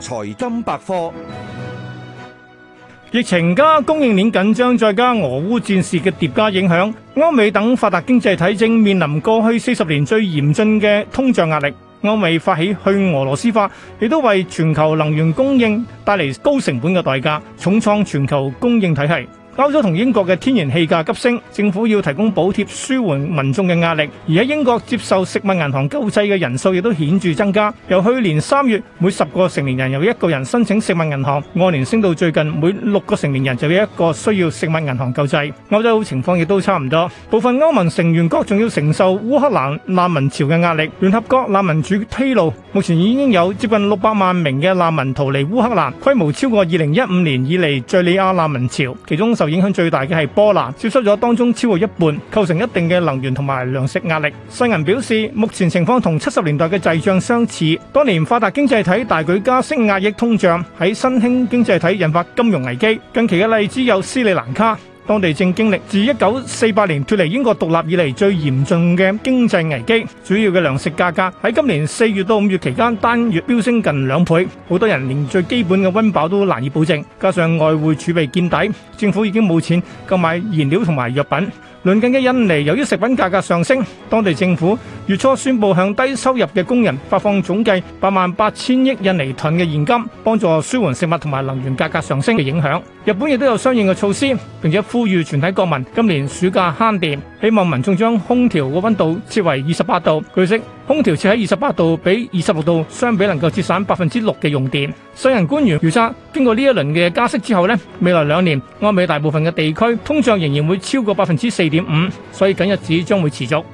財金百科，疫情加供應鏈緊張，再加俄烏戰事嘅疊加影響，歐美等發達經濟體正面臨過去四十年最嚴峻嘅通脹壓力。歐美發起去俄羅斯化，亦都為全球能源供應帶嚟高成本嘅代價，重創全球供應體系。歐洲同英國嘅天然氣價急升，政府要提供補貼舒緩民眾嘅壓力。而喺英國接受食物銀行救濟嘅人數亦都顯著增加，由去年三月每十個成年人有一個人申請食物銀行，按年升到最近每六個成年人就有一個需要食物銀行救濟。歐洲情況亦都差唔多，部分歐盟成員國仲要承受烏克蘭難民潮嘅壓力。聯合國難民署披露，目前已經有接近六百萬名嘅難民逃離烏克蘭，規模超過二零一五年以嚟敘利亞難民潮，其中受影響最大嘅係波蘭，消失咗當中超過一半，構成一定嘅能源同埋糧食壓力。世銀表示，目前情況同七十年代嘅滯脹相似，當年發達經濟體大舉加息壓抑通脹，喺新興經濟體引發金融危機。近期嘅例子有斯里蘭卡。當地正經歷自一九四八年脫離英國獨立以嚟最嚴重嘅經濟危機，主要嘅糧食價格喺今年四月到五月期間單月飆升近兩倍，好多人連最基本嘅溫飽都難以保證。加上外匯儲備見底，政府已經冇錢購買燃料同埋藥品。鄰近嘅印尼由於食品價格上升，當地政府月初宣布向低收入嘅工人發放總計八萬八千億印尼盾嘅現金，幫助舒緩食物同埋能源價格上升嘅影響。日本亦都有相應嘅措施，並且呼籲全體國民今年暑假慳電，希望民眾將空調嘅温度設為二十八度。據悉，空調設喺二十八度比二十六度相比能夠節省百分之六嘅用電。世人官員預測，經過呢一輪嘅加息之後咧，未來兩年歐美大部分嘅地區通脹仍然會超過百分之四點五，所以緊日子將會持續。